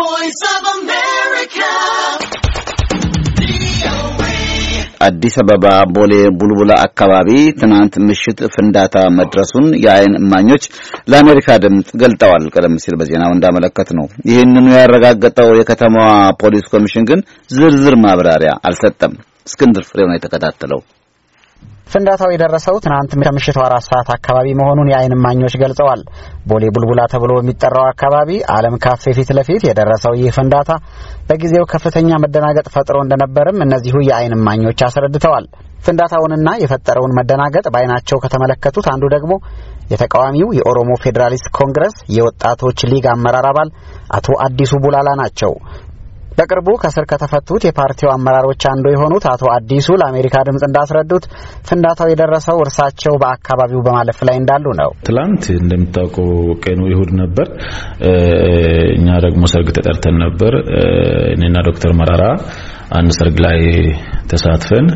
voice አዲስ አበባ ቦሌ ቡልቡላ አካባቢ ትናንት ምሽት ፍንዳታ መድረሱን የአይን እማኞች ለአሜሪካ ድምፅ ገልጠዋል። ቀደም ሲል በዜናው እንዳመለከት ነው። ይህንኑ ያረጋገጠው የከተማዋ ፖሊስ ኮሚሽን ግን ዝርዝር ማብራሪያ አልሰጠም። እስክንድር ፍሬው ነው የተከታተለው። ፍንዳታው የደረሰው ትናንት ከምሽቱ አራት ሰዓት አካባቢ መሆኑን የአይን እማኞች ገልጸዋል። ቦሌ ቡልቡላ ተብሎ በሚጠራው አካባቢ ዓለም ካፌ ፊት ለፊት የደረሰው ይህ ፍንዳታ በጊዜው ከፍተኛ መደናገጥ ፈጥሮ እንደነበርም እነዚሁ የአይን እማኞች አስረድተዋል። ፍንዳታውንና የፈጠረውን መደናገጥ በአይናቸው ከተመለከቱት አንዱ ደግሞ የተቃዋሚው የኦሮሞ ፌዴራሊስት ኮንግረስ የወጣቶች ሊግ አመራር አባል አቶ አዲሱ ቡላላ ናቸው። በቅርቡ ከስር ከተፈቱት የፓርቲው አመራሮች አንዱ የሆኑት አቶ አዲሱ ለአሜሪካ ድምፅ እንዳስረዱት ፍንዳታው የደረሰው እርሳቸው በአካባቢው በማለፍ ላይ እንዳሉ ነው። ትላንት እንደምታውቀው ቀኑ ይሁድ ነበር። እኛ ደግሞ ሰርግ ተጠርተን ነበር። እኔና ዶክተር መራራ አንድ ሰርግ ላይ ተሳትፈን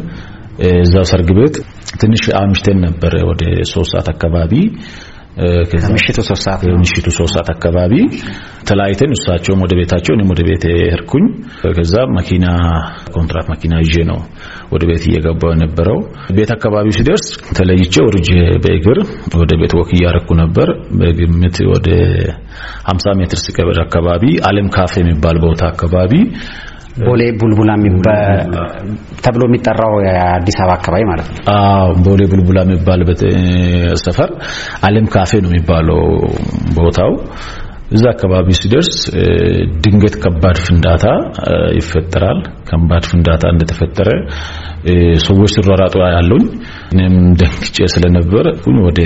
እዛው ሰርግ ቤት ትንሽ አምሽተን ነበር ወደ ሶስት ሰዓት አካባቢ ከምሽቱ ሶስት ሰዓት ሰዓት አካባቢ ተለያይተን እሳቸውም ወደ ቤታቸው እኔም ወደ ቤቴ እርኩኝ። ከዛ መኪና ኮንትራት መኪና ይዤ ነው ወደ ቤት እየገባው የነበረው። ቤት አካባቢ ሲደርስ ተለይቼ ወርጄ በእግር ወደ ቤት ወክ እያረኩ ነበር። በግምት ወደ 50 ሜትር ሲቀበድ አካባቢ አለም ካፌ የሚባል ቦታ አካባቢ ቦሌ ቡልቡላ ተብሎ የሚጠራው የአዲስ አበባ አካባቢ ማለት ነው። አዎ ቦሌ ቡልቡላ የሚባልበት ሰፈር አለም ካፌ ነው የሚባለው ቦታው። እዛ አካባቢ ሲደርስ ድንገት ከባድ ፍንዳታ ይፈጠራል። ከባድ ፍንዳታ እንደተፈጠረ ሰዎች ሲሯራጡ ያሉኝ እኔም ደንግጬ ስለነበር ወደ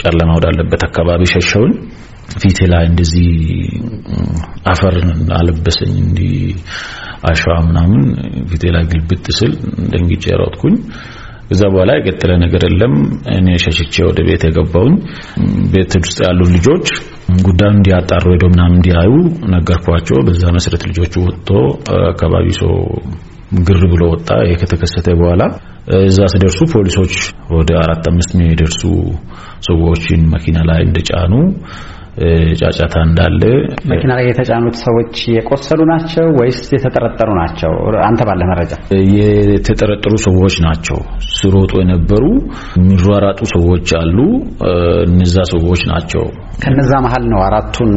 ጨለማ ወዳለበት አካባቢ ሸሸውን። ፊቴ ላይ እንደዚህ አፈር አለበሰኝ እንዲህ አሸዋ ምናምን ፊቴ ላይ ግልብጥ ስል ደንግጬ ሮጥኩኝ። ከዛ በኋላ የቀጠለ ነገር የለም። እኔ ሸሽቼ ወደ ቤት የገባውኝ ቤት ውስጥ ያሉ ልጆች ጉዳዩን እንዲያጣሩ ሄዶ ምናምን እንዲያዩ ነገርኳቸው። በዛ መሰረት ልጆቹ ወጥቶ አካባቢ ሰው ግር ብሎ ወጣ። ይሄ ከተከሰተ በኋላ እዛ ሲደርሱ ፖሊሶች ወደ አራት አምስት የሚደርሱ ሰዎችን መኪና ላይ እንደጫኑ ጫጫታ እንዳለ መኪና ላይ የተጫኑት ሰዎች የቆሰሉ ናቸው ወይስ የተጠረጠሩ ናቸው? አንተ ባለ መረጃ የተጠረጠሩ ሰዎች ናቸው። ስሮጡ የነበሩ የሚሯራጡ ሰዎች አሉ። እነዛ ሰዎች ናቸው። ከነዛ መሀል ነው አራቱን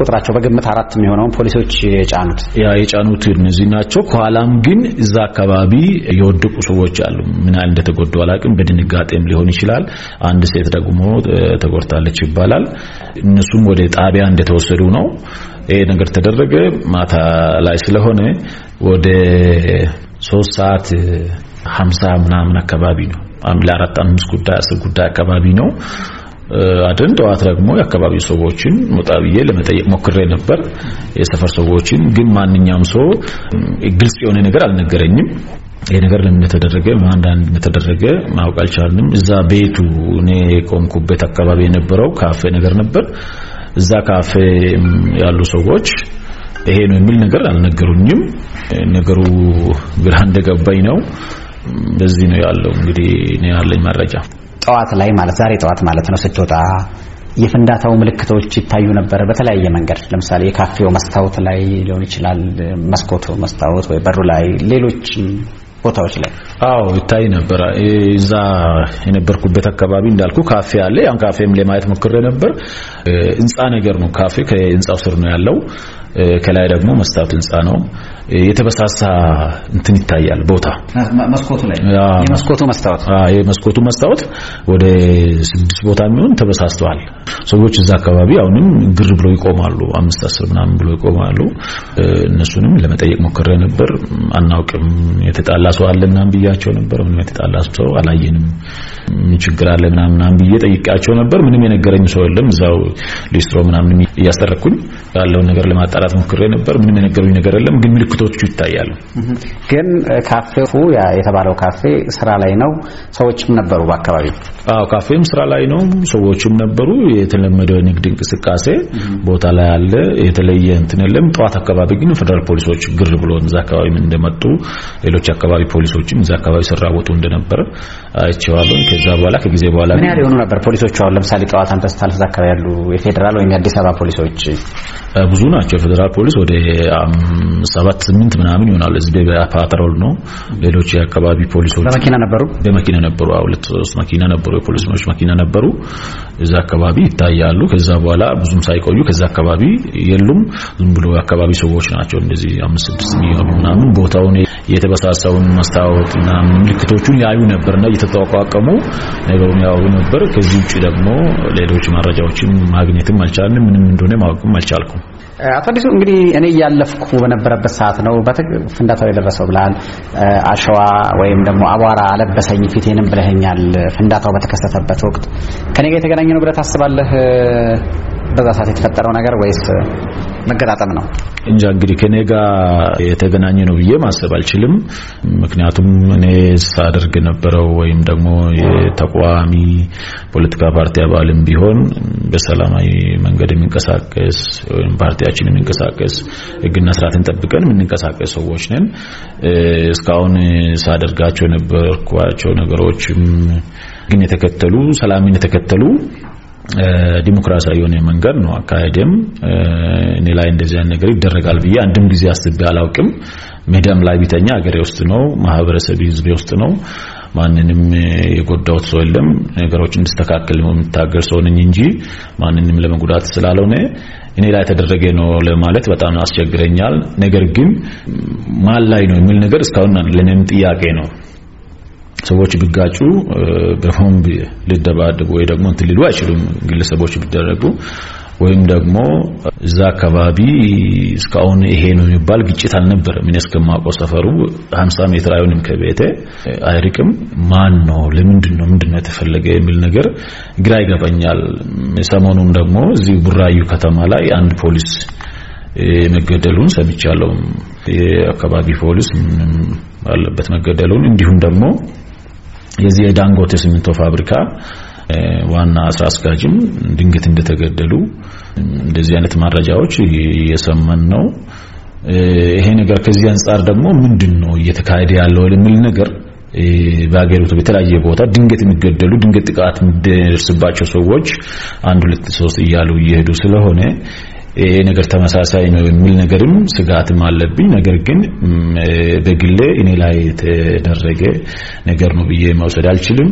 ቁጥራቸው በግምት አራት የሚሆነውን ፖሊሶች የጫኑት ያ የጫኑት እነዚህ ናቸው። ከኋላም ግን እዛ አካባቢ የወደቁ ሰዎች አሉ። ምን ያህል እንደተጎዱ አላውቅም። በድንጋጤም ሊሆን ይችላል። አንድ ሴት ደግሞ ተጎድታለች ይባላል እነሱ ሁለቱም ወደ ጣቢያ እንደተወሰዱ ነው። ይሄ ነገር ተደረገ ማታ ላይ ስለሆነ ወደ ሶስት ሰዓት ሀምሳ ምናምን አካባቢ ነው። ለአራት አምስት ጉዳይ አስር ጉዳይ አካባቢ ነው። አድን ጠዋት ደግሞ የአካባቢው ሰዎችን ወጣ ብዬ ለመጠየቅ ሞክሬ ነበር፣ የሰፈር ሰዎችን ግን ማንኛውም ሰው ግልጽ የሆነ ነገር አልነገረኝም። ይሄ ነገር ለምን እንደተደረገ ማን እንደተደረገ ማወቅ አልቻልንም። እዛ ቤቱ እኔ ቆምኩበት አካባቢ የነበረው ካፌ ነገር ነበር። እዛ ካፌ ያሉ ሰዎች ይሄ ነው የሚል ነገር አልነገሩኝም። ነገሩ ግራ እንደገባኝ ነው። በዚህ ነው ያለው እንግዲህ እኔ ያለኝ መረጃ። ጠዋት ላይ ማለት ዛሬ ጠዋት ማለት ነው ስትወጣ የፍንዳታው ምልክቶች ይታዩ ነበር። በተለያየ መንገድ ለምሳሌ የካፌው መስታወት ላይ ሊሆን ይችላል፣ መስኮቱ መስታወት ወይ በሩ ላይ ሌሎች ቦታዎች ላይ? አዎ ይታይ ነበር። እዛ የነበርኩበት አካባቢ እንዳልኩ ካፌ አለ። ያን ካፌም ለማየት ሞክሬ ነበር። ህንፃ ነገር ነው። ካፌ ከህንፃው ስር ነው ያለው። ከላይ ደግሞ መስታወት ህንፃ ነው። የተበሳሳ እንትን ይታያል ቦታ መስኮቱ ላይ የመስኮቱ መስታወት የመስኮቱ መስታወት ወደ ስድስት ቦታ የሚሆን ተበሳስተዋል። ሰዎች እዛ አካባቢ አሁንም ግር ብሎ ይቆማሉ። አምስት አስር ምናምን ብሎ ይቆማሉ። እነሱንም ለመጠየቅ ሞክሬ ነበር። አናውቅም የተጣላ ሰው አለ ምናምን ብያቸው ነበር። ምንም የተጣላ ሰው አላየንም፣ ምን ችግር አለ ምናምን ብዬ ጠይቃቸው ነበር። ምንም የነገረኝ ሰው የለም እዛው ሊስትሮ ምናምን እያስጠረኩኝ ያለውን ነገር ለማጣራት ሞክሬ ነበር። ምንም የነገሩኝ ነገር የለም፣ ግን ምልክቶቹ ይታያሉ። ግን ካፌው የተባለው ካፌ ስራ ላይ ነው፣ ሰዎችም ነበሩ በአካባቢ? አዎ ካፌም ስራ ላይ ነው፣ ሰዎችም ነበሩ። የተለመደው ንግድ እንቅስቃሴ ቦታ ላይ አለ፣ የተለየ እንትን የለም። ጠዋት አካባቢ ግን ፌደራል ፖሊሶች ግር ብሎ እዛ አካባቢ እንደመጡ ሌሎች አካባቢ ፖሊሶችም እዛ አካባቢ ስራ ቦቱ እንደነበረ አይቼዋለሁ። ከዛ በኋላ ከጊዜ በኋላ ምን ያህል የሆኑ ነበር ፖሊሶቹ? አሁን ለምሳሌ ጠዋት አንተ ስታልፍ አካባቢ ያሉ የፌዴራል ወይም የአዲስ አበባ ፖሊሶች ብዙ ናቸው። የፌዴራል ፖሊስ ወደ ሰባት ስምንት ምናምን ይሆናሉ። እዚህ በፓትሮል ነው። ሌሎች የአካባቢ ፖሊሶች በመኪና ነበሩ፣ በመኪና ነበሩ። ሁለት ሶስት መኪና ነበሩ፣ የፖሊስ የፖሊሶች መኪና ነበሩ። እዛ አካባቢ ይታያሉ። ከዛ በኋላ ብዙም ሳይቆዩ ከዛ አካባቢ የሉም። ዝም ብሎ አካባቢ ሰዎች ናቸው እንደዚህ አምስት ስድስት የሚሆኑ ምናምን ቦታውን የተበሳሳውን መስታወት እና ምልክቶቹን ያዩ ነበርና እየተጠቋቀሙ ነገሩን ያዩ ነበር። ከዚህ ውጪ ደግሞ ሌሎች መረጃዎችን ማግኘትም አልቻልንም። ምንም እንደሆነ ማወቅም አልቻልኩም። አቶ አዲሱ እንግዲህ እኔ እያለፍኩ በነበረ በነበረበት ሰዓት ነው ፍንዳታው የደረሰው ብላል። አሸዋ ወይም ደግሞ አቧራ አለበሰኝ ፊቴንም ብለኸኛል። ፍንዳታው በተከሰተበት ወቅት ከኔ ጋር የተገናኘ ነው ብለህ ታስባለህ? በዛ ሰዓት የተፈጠረው ነገር ወይስ መገጣጠም ነው? እንጃ እንግዲህ ከኔ ጋር የተገናኘ ነው ብዬ ማሰብ አልችልም። ምክንያቱም እኔ ሳደርግ የነበረው ወይም ደግሞ የተቋሚ ፖለቲካ ፓርቲ አባልም ቢሆን በሰላማዊ መንገድ የሚንቀሳቀስ ወይም ፓርቲያችን የሚንቀሳቀስ ሕግና ስርዓትን ጠብቀን የምንንቀሳቀስ ሰዎች ነን። እስካሁን ሳደርጋቸው የነበርኳቸው ነገሮችም ግን የተከተሉ ሰላምን የተከተሉ ዲሞክራሲያዊ የሆነ መንገድ ነው። አካሄድም እኔ ላይ እንደዚህ አይነት ነገር ይደረጋል ብዬ አንድም ጊዜ አስቤ አላውቅም። ሜዳም ላይ ቢተኛ ሀገሬ ውስጥ ነው፣ ማህበረሰብ ህዝቤ ውስጥ ነው። ማንንም የጎዳሁት ሰው የለም። ነገሮች እንዲስተካከል የምታገር ሰው ነኝ እንጂ ማንንም ለመጉዳት ስላልሆነ እኔ ላይ ተደረገ ነው ለማለት በጣም አስቸግረኛል። ነገር ግን ማን ላይ ነው የሚል ነገር እስካሁን ለእኔም ጥያቄ ነው። ሰዎች ቢጋጩ በሆምብ ሊደባደቡ ወይ ደግሞ እንትን ሊሉ አይችሉም። ግለሰቦች ቢደረጉ ወይም ደግሞ እዛ አካባቢ እስካሁን ይሄ ነው የሚባል ግጭት አልነበረም። እኔ እስከማውቀው ሰፈሩ 50 ሜትር አይሆንም ከቤቴ አይርቅም። ማን ነው ለምንድን ነው ምንድን ነው የተፈለገ የሚል ነገር ግራ ይገባኛል። ሰሞኑም ደግሞ እዚሁ ቡራዩ ከተማ ላይ አንድ ፖሊስ የመገደሉን ሰምቻለሁ። የአካባቢ ፖሊስ ምንም አለበት መገደሉን እንዲሁም ደግሞ የዚህ የዳንጎቴ ሲሚንቶ ፋብሪካ ዋና ስራ አስኪያጅም ድንገት እንደተገደሉ እንደዚህ አይነት መረጃዎች እየሰማን ነው። ይሄ ነገር ከዚህ አንጻር ደግሞ ምንድነው እየተካሄደ ያለው የሚል ነገር በሀገሪቱ በተለያየ ቦታ ድንገት የሚገደሉ ድንገት ጥቃት የሚደርስባቸው ሰዎች አንድ ሁለት ሶስት እያሉ እየሄዱ ስለሆነ ይሄ ነገር ተመሳሳይ ነው የሚል ነገርም ስጋትም አለብኝ። ነገር ግን በግሌ እኔ ላይ የተደረገ ነገር ነው ብዬ መውሰድ አልችልም።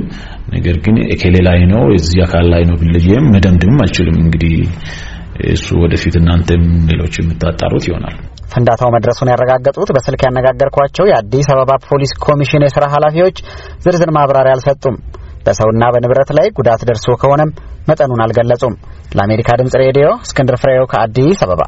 ነገር ግን እከሌ ላይ ነው እዚህ አካል ላይ ነው ብለየም መደምደምም አልችልም። እንግዲህ እሱ ወደፊት እናንተም ሌሎች የምታጣሩት ይሆናል። ፍንዳታው መድረሱን ያረጋገጡት በስልክ ያነጋገርኳቸው የአዲስ አበባ ፖሊስ ኮሚሽን የስራ ኃላፊዎች ዝርዝር ማብራሪያ አልሰጡም። በሰውና በንብረት ላይ ጉዳት ደርሶ ከሆነም መጠኑን አልገለጹም። ለአሜሪካ ድምጽ ሬዲዮ እስክንድር ፍሬው ከአዲስ አበባ